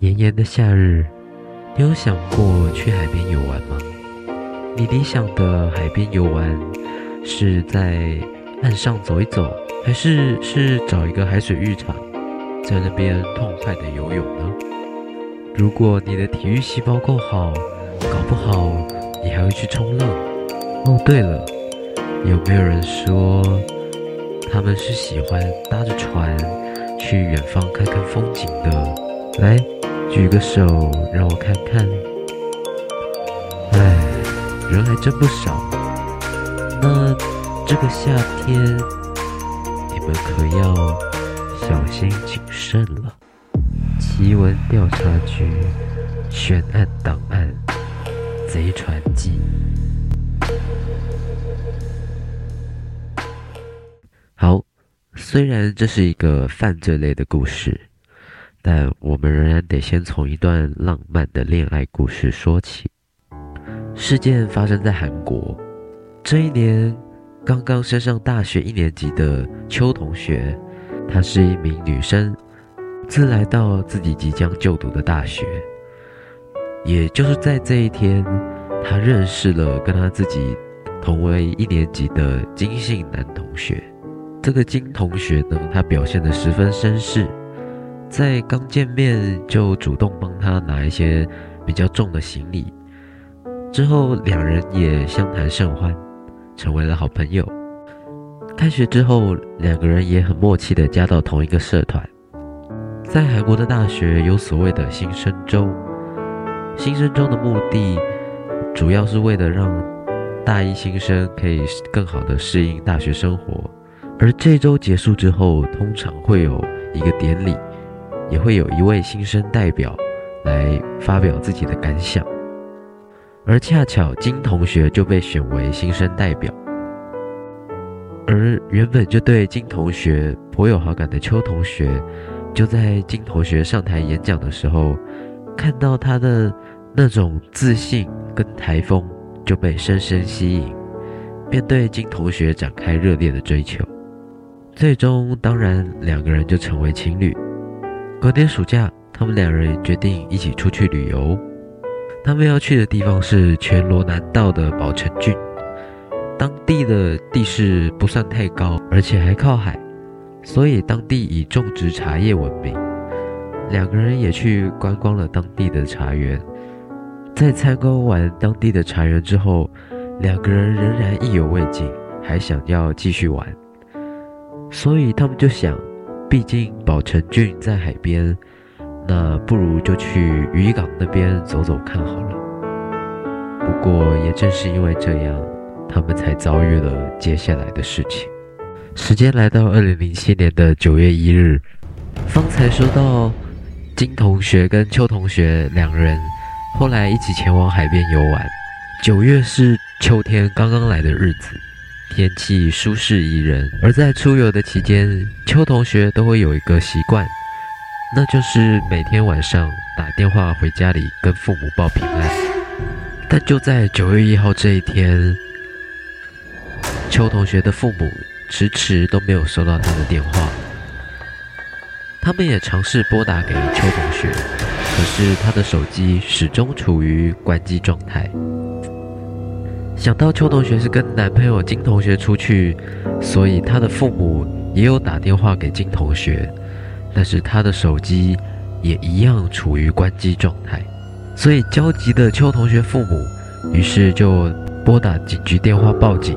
炎炎的夏日，你有想過去海邊遊玩嗎？你理想的海邊遊玩是在岸上走一走，還是是找一個海水浴場，在那邊痛快地游泳呢？如果你的體育細胞夠好，搞不好你還會去衝浪。哦，對了，有沒有人說他們是喜歡搭着船去遠方看看風景的？來。舉個手，讓我看看。哎，人還真不少。那這個夏天，你們可要小心謹慎了。奇聞調查局，懸案檔案，賊船記。好，雖然這是一個犯罪類的故事。但我們仍然得先從一段浪漫的戀愛故事說起。事件發生在韓國，這一年剛剛升上大學一年級的邱同學，她是一名女生，自來到自己即將就讀的大學，也就是在這一天，她認識了跟她自己同為一年級的金姓男同學。這個金同學呢，他表現得十分紳士。在剛見面就主動幫他拿一些比較重的行李，之後兩人也相談甚歡，成為了好朋友。開學之後，兩個人也很默契的加到同一個社團。在韓國的大學有所謂的新生週，新生週的目的主要是為了讓大一新生可以更好的適應大學生活，而這週結束之後，通常會有一個典禮。也會有一位新生代表來發表自己的感想，而恰巧金同學就被選為新生代表。而原本就對金同學頗有好感的邱同學，就在金同學上台演講的時候，看到他的那種自信跟台風，就被深深吸引，便對金同學展開熱烈的追求。最終，當然兩個人就成為情侶。隔年暑假，他們兩人決定一起出去旅遊。他們要去的地方是全羅南道的寶城郡。當地的地勢不算太高，而且還靠海，所以當地以種植茶葉聞名。兩個人也去觀光了當地的茶園。在參觀完當地的茶園之後，兩個人仍然意猶未盡，還想要繼續玩，所以他們就想。畢竟寶城郡在海邊，那不如就去漁港那邊走走看好了。不過也正是因為這樣，他們才遭遇了接下來的事情。時間來到二零零七年的九月一日，方才說到，金同學跟邱同學兩人後來一起前往海邊遊玩。九月是秋天剛剛來的日子。天氣舒適宜人，而在出遊的期間，邱同學都會有一個習慣，那就是每天晚上打電話回家裡跟父母報平安。但就在九月一號這一天，邱同學的父母遲遲都沒有收到他的電話，他們也嘗試撥打給邱同學，可是他的手機始終處於關機狀態。想到邱同學是跟男朋友金同學出去，所以他的父母也有打電話給金同學，但是他的手機也一樣處於關機狀態，所以焦急的邱同學父母於是就撥打警局電話報警。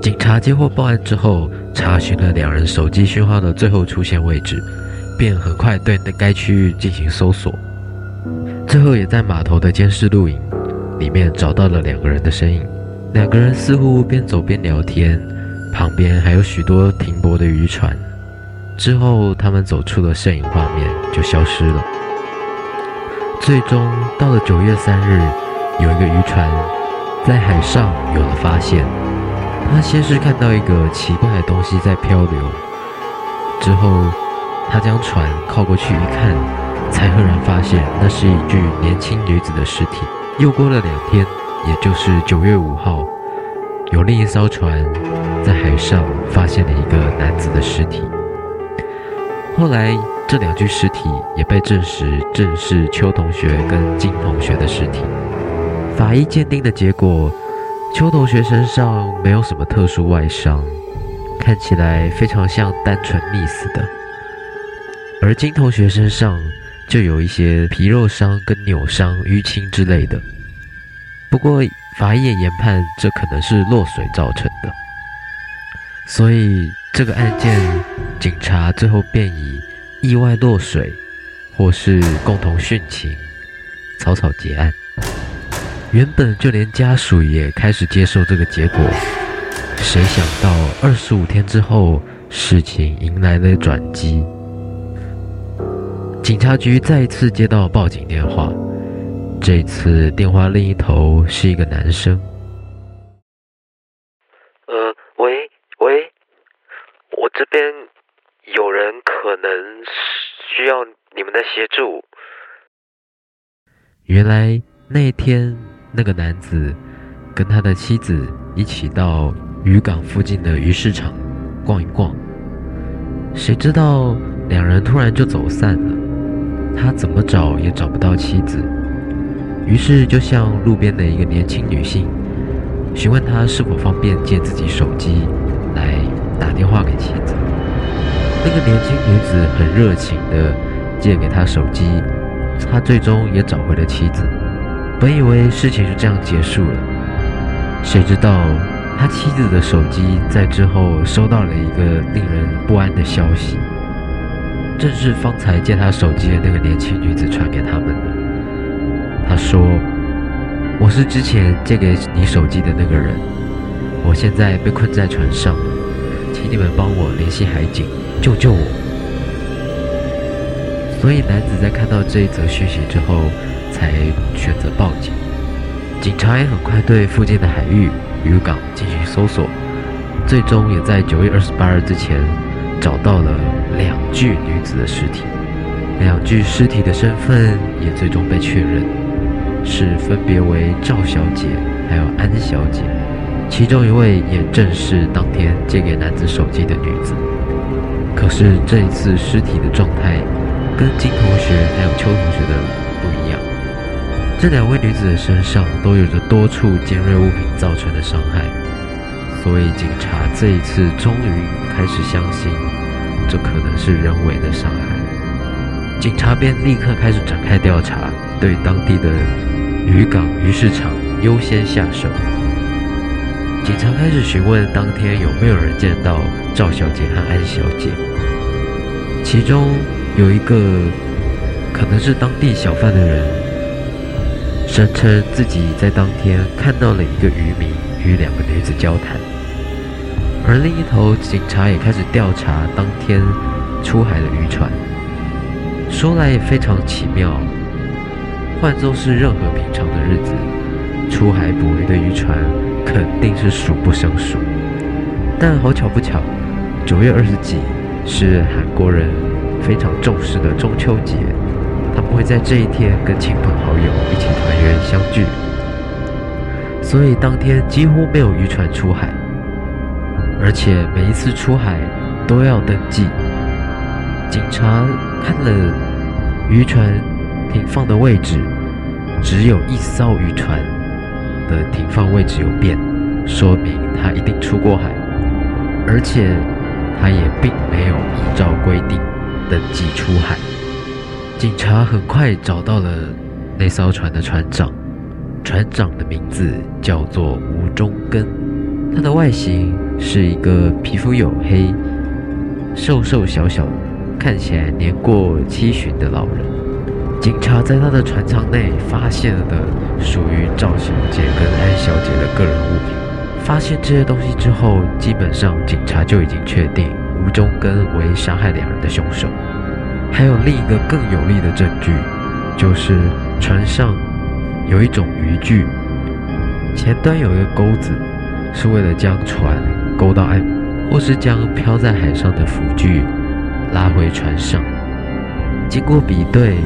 警察接獲報案之後，查詢了兩人手機訊號的最後出現位置，便很快對該區域進行搜索，最後也在碼頭的監視錄影裡面找到了兩個人的身影。兩個人似乎邊走邊聊天，旁邊還有許多停泊的漁船。之後，他們走出了攝影畫面，就消失了。最終，到了九月三日，有一個漁船在海上有了發現。他先是看到一個奇怪的東西在漂流，之後，他將船靠過去一看，才赫然發現那是一具年輕女子的屍體。又過了兩天。也就是九月五號，有另一艘船在海上發現了一個男子的屍體。後來，這兩具屍體也被證實正是邱同學跟金同學的屍體。法醫鑑定的結果，邱同學身上沒有什麼特殊外傷，看起來非常像單純溺死的；而金同學身上就有一些皮肉傷、跟扭傷、淤青之類的。不過，法醫也研判這可能是落水造成的，所以這個案件，警察最後便以意外落水或是共同殉情草草結案。原本就連家屬也開始接受這個結果，誰想到二十五天之後，事情迎來了轉機。警察局再一次接到報警電話。這次電話另一頭是一個男生。呃，喂喂，我這邊有人可能需要你們的協助。原來那天那個男子跟他的妻子一起到漁港附近的魚市場逛一逛，誰知道兩人突然就走散了，他怎麼找也找不到妻子。於是就向路邊的一個年輕女性詢問她，是否方便借自己手機來打電話給妻子。那個年輕女子很熱情地借給她手機，她最終也找回了妻子。本以為事情就這樣結束了，誰知道他妻子的手機在之後收到了一個令人不安的消息，正是方才借她手機的那個年輕女子傳給他們的。他說：“我是之前借給你手機的那個人，我現在被困在船上，請你們幫我聯繫海警，救救我。”所以男子在看到這一則訊息之後，才選擇報警。警察也很快對附近的海域、漁港進行搜索，最終也在九月二十八日之前找到了兩具女子的屍體，兩具屍體的身份也最終被確認。是分別為趙小姐還有安小姐，其中一位也正是當天借給男子手機的女子。可是這一次屍體的狀態跟金同學還有邱同學的不一樣，這兩位女子的身上都有着多處尖銳物品造成的傷害，所以警察這一次終於開始相信這可能是人為的傷害，警察便立刻開始展開調查，對當地的。漁港、漁市場優先下手。警察開始詢問當天有沒有人見到趙小姐和安小姐，其中有一個可能是當地小販的人，聲稱自己在當天看到了一個漁民與兩個女子交談。而另一頭，警察也開始調查當天出海的漁船。說來也非常的奇妙。換做是任何平常的日子，出海捕魚的漁船肯定是數不勝數。但好巧不巧，九月二十幾是韓國人非常重視的中秋節，他們會在這一天跟親朋好友一起團圓相聚。所以當天幾乎沒有漁船出海，而且每一次出海都要登記。警察看了漁船停放的位置，只有一艘漁船的停放位置有變，說明他一定出過海，而且他也並沒有依照規定登記出海。警察很快找到了那艘船的船長，船長的名字叫做吳忠根，他的外形是一個皮膚黝黑、瘦瘦小小、看起來年過七旬的老人。警察在他的船艙內發現了的屬於趙小姐跟安小姐的個人物品。發現這些東西之後，基本上警察就已經確定吳忠根為殺害兩人的兇手。還有另一個更有力的證據，就是船上有一種漁具，前端有一個鈎子，是為了將船勾到岸，或是將漂在海上的浮具拉回船上。經過比對。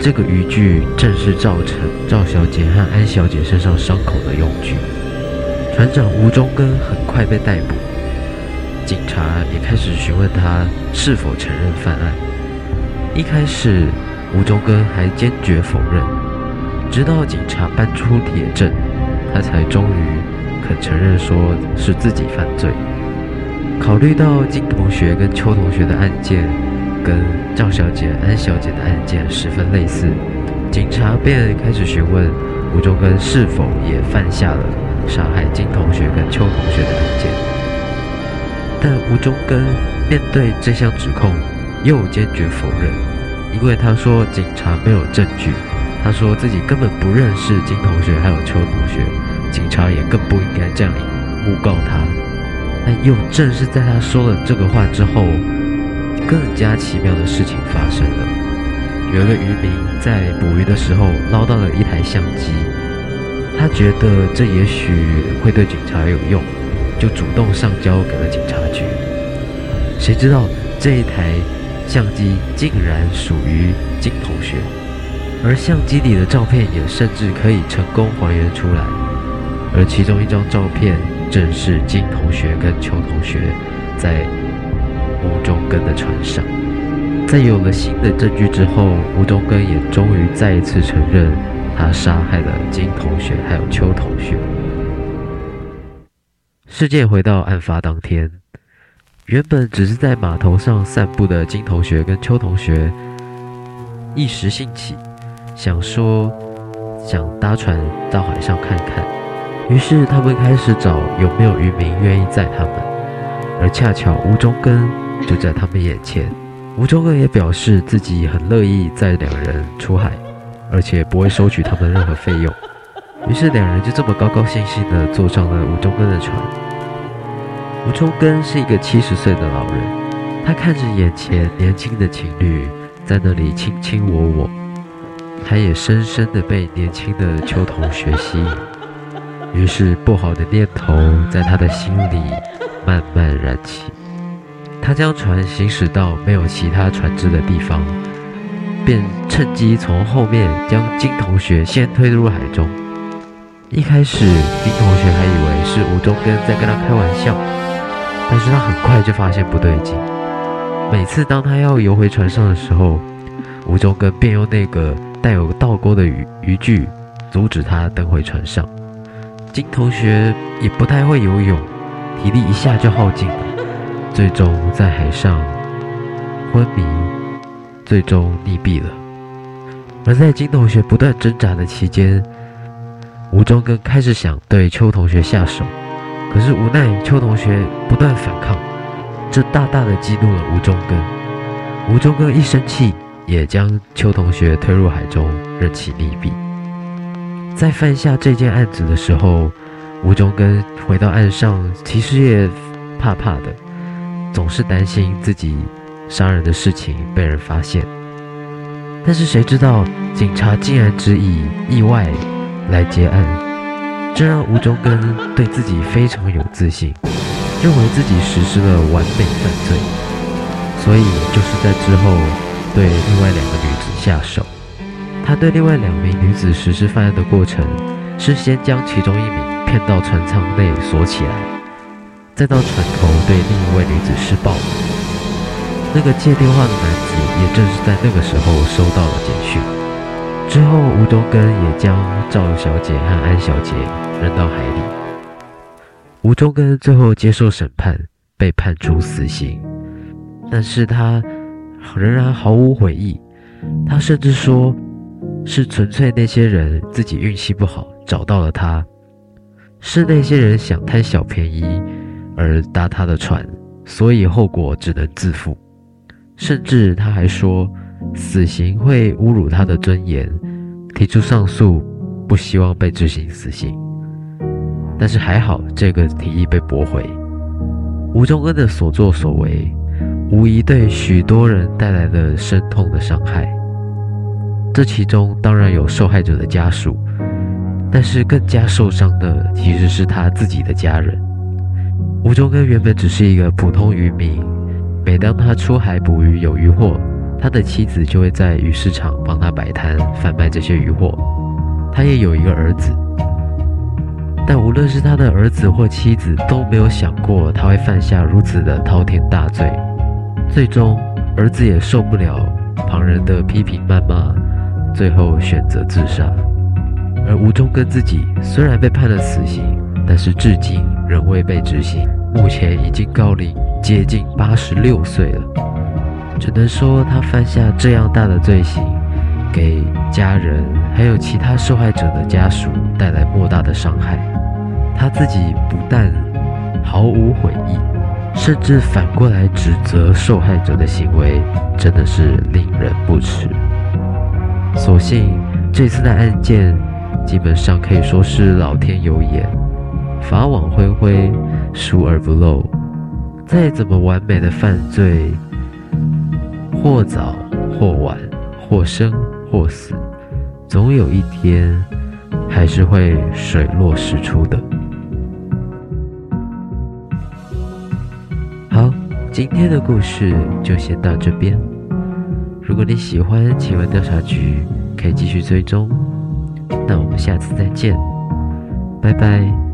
這個漁具正是造成趙小姐和安小姐身上傷口的用具。船長吳忠根很快被逮捕，警察也開始詢問他是否承認犯案。一開始，吳忠根還堅決否認，直到警察搬出鐵證，他才終於肯承認說是自己犯罪。考慮到金同學跟邱同學的案件。跟趙小姐、安小姐的案件十分類似，警察便開始詢問吳忠根是否也犯下了殺害金同學跟邱同學的案件。但吳忠根面對這項指控，又堅決否認，因為他說警察沒有證據，他說自己根本不認識金同學還有邱同學，警察也更不應該這樣誣告他。但又正是在他說了這個話之後。更加奇妙的事情發生了，有一個漁民在捕魚的時候撈到了一台相機，他覺得這也許會對警察有用，就主動上交給了警察局。誰知道這一台相機竟然屬於金同學，而相機裡的照片也甚至可以成功還原出來，而其中一張照片正是金同學跟邱同學在。吳中根的船上，在有了新的證據之後，吳中根也終於再一次承認，他殺害了金同學還有邱同學。事件回到案發當天，原本只是在碼頭上散步的金同學跟邱同學，一時興起，想說想搭船到海上看看，於是他們開始找有沒有漁民願意載他們，而恰巧吳中根。就在他們眼前，吳忠根也表示自己很樂意載兩人出海，而且不會收取他們任何費用。於是兩人就這麼高高興興地坐上了吳忠根的船。吳忠根是一個七十歲的老人，他看着眼前年輕的情侶在那裡卿卿我我，他也深深地被年輕的邱同學吸引，於是不好的念頭在他的心裡慢慢燃起。他將船行駛到沒有其他船只的地方，便趁機從後面將金同學先推入海中。一開始，金同學還以為是吳中根在跟他開玩笑，但是他很快就發現不對勁。每次當他要游回船上的時候，吳中根便用那個帶有倒鈎的漁漁具阻止他登回船上。金同學也不太會游泳，體力一下就耗盡了。最終在海上昏迷，最終溺斃了。而在金同學不斷掙扎的期間，吳忠根開始想對邱同學下手，可是無奈邱同學不斷反抗，這大大的激怒了吳忠根。吳忠根一生氣，也將邱同學推入海中，任其溺斃。在犯下這件案子的時候，吳忠根回到岸上，其實也怕怕的。總是擔心自己殺人的事情被人發現，但是誰知道警察竟然只以意外來結案，這讓吳忠根對自己非常有自信，認為自己實施了完美犯罪，所以就是在之後對另外兩個女子下手。他對另外兩名女子實施犯案的過程是先將其中一名騙到船艙內鎖起來。再到船頭對另一位女子施暴。那個接電話的男子，也正是在那個時候收到了簡訊。之後，吳忠根也將趙小姐和安小姐扔到海裡。吳忠根最後接受審判，被判處死刑，但是他仍然毫無悔意。他甚至說，是純粹那些人自己運氣不好找到了他，是那些人想貪小便宜。而搭他的船，所以後果只能自負。甚至他還說，死刑會侮辱他的尊嚴，提出上訴，不希望被執行死刑。但是還好，這個提議被駁回。吳忠恩的所作所為，無疑對許多人帶來了深痛的傷害。這其中當然有受害者的家屬，但是更加受傷的其實是他自己的家人。吳忠根原本只是一個普通漁民。每當他出海捕魚有漁獲，他的妻子就會在魚市場幫他擺攤販賣這些漁貨。他也有一個兒子，但無論是他的兒子或妻子都沒有想過他會犯下如此的滔天大罪。最終，兒子也受不了旁人的批評謾罵，最後選擇自殺。而吳忠根自己雖然被判了死刑，但是至今仍未被執行。目前已經高齡接近八十六歲了，只能說他犯下這樣大的罪行，給家人還有其他受害者的家屬帶來莫大的傷害。他自己不但毫無悔意，甚至反過來指責受害者的行為，真的是令人不齒。所幸這次的案件基本上可以說是老天有眼。法網恢恢，疏而不漏。再怎麼完美的犯罪，或早或晚，或生或死，總有一天還是會水落石出的。好，今天的故事就先到這邊。如果你喜歡，請問調查局可以繼續追蹤。那我們下次再見，拜拜。